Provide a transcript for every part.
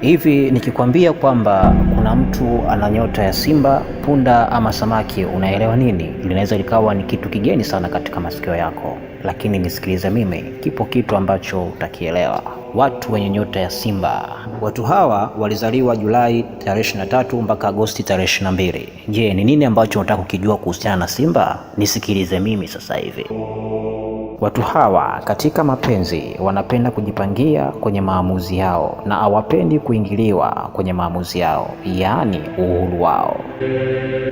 Hivi nikikwambia kwamba kuna mtu ana nyota ya simba, punda ama samaki, unaelewa nini? Linaweza likawa ni kitu kigeni sana katika masikio yako, lakini nisikilize mimi, kipo kitu ambacho utakielewa. Watu wenye nyota ya simba, watu hawa walizaliwa Julai tarehe 23 mpaka Agosti tarehe 22. Je, ni nini ambacho unataka kukijua kuhusiana na simba? Nisikilize mimi sasa hivi. Watu hawa katika mapenzi wanapenda kujipangia kwenye maamuzi yao na hawapendi kuingiliwa kwenye maamuzi yao, yaani uhuru wao.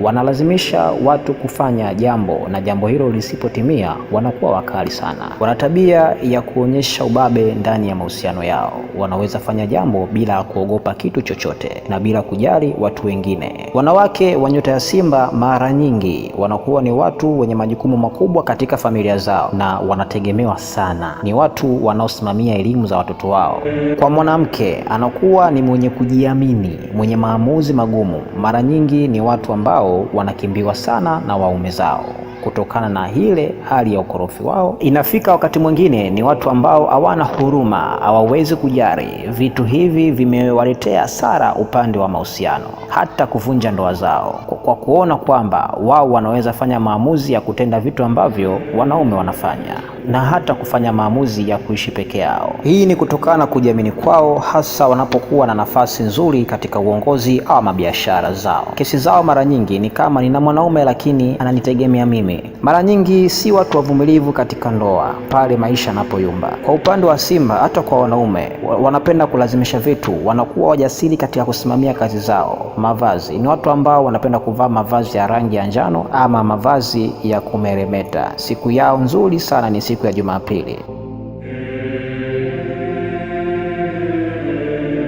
Wanalazimisha watu kufanya jambo na jambo hilo lisipotimia wanakuwa wakali sana. Wana tabia ya kuonyesha ubabe ndani ya mahusiano yao. Wanaweza fanya jambo bila kuogopa kitu chochote na bila kujali watu wengine. Wanawake wa nyota ya Simba mara nyingi wanakuwa ni watu wenye majukumu makubwa katika familia zao na wanategemewa sana. Ni watu wanaosimamia elimu za watoto wao. Kwa mwanamke, anakuwa ni mwenye kujiamini, mwenye maamuzi magumu. Mara nyingi ni watu ambao wao wanakimbiwa sana na waume zao kutokana na ile hali ya ukorofi wao. Inafika wakati mwingine ni watu ambao hawana huruma, hawawezi kujali. Vitu hivi vimewaletea hasara upande wa mahusiano, hata kuvunja ndoa zao, kwa kuona kwamba wao wanaweza fanya maamuzi ya kutenda vitu ambavyo wanaume wanafanya na hata kufanya maamuzi ya kuishi peke yao. Hii ni kutokana na kujiamini kwao, hasa wanapokuwa na nafasi nzuri katika uongozi au mabiashara zao. Kesi zao mara nyingi ni kama nina mwanaume lakini ananitegemea mimi. Mara nyingi si watu wavumilivu katika ndoa pale maisha yanapoyumba. Kwa upande wa Simba, hata kwa wanaume wanapenda kulazimisha vitu, wanakuwa wajasiri katika kusimamia kazi zao. Mavazi ni watu ambao wanapenda kuvaa mavazi ya rangi ya njano ama mavazi ya kumeremeta. Siku yao nzuri sana ni siku siku ya Jumapili.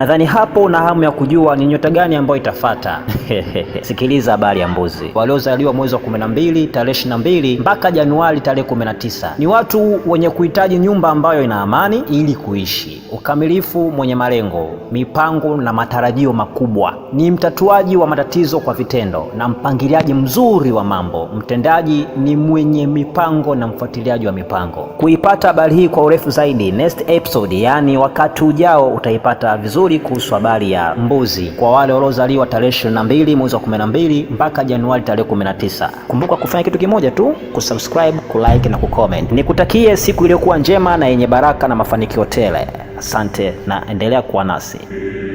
Nadhani hapo na hamu ya kujua ni nyota gani ambayo itafata. Sikiliza habari ya mbuzi waliozaliwa mwezi wa 12 tarehe 22 mpaka Januari tarehe 19 ni watu wenye kuhitaji nyumba ambayo ina amani ili kuishi, ukamilifu, mwenye malengo, mipango na matarajio makubwa. Ni mtatuaji wa matatizo kwa vitendo na mpangiliaji mzuri wa mambo. Mtendaji ni mwenye mipango na mfuatiliaji wa mipango. Kuipata habari hii kwa urefu zaidi, next episode, yaani wakati ujao utaipata vizuri nzuri kuhusu habari ya mbuzi kwa wale waliozaliwa tarehe 22 mwezi wa 12 mpaka Januari tarehe 19. Kumbuka kufanya kitu kimoja tu, kusubscribe, kulike na kucomment. Nikutakie siku iliyokuwa njema na yenye baraka na mafanikio tele. Asante na endelea kuwa nasi.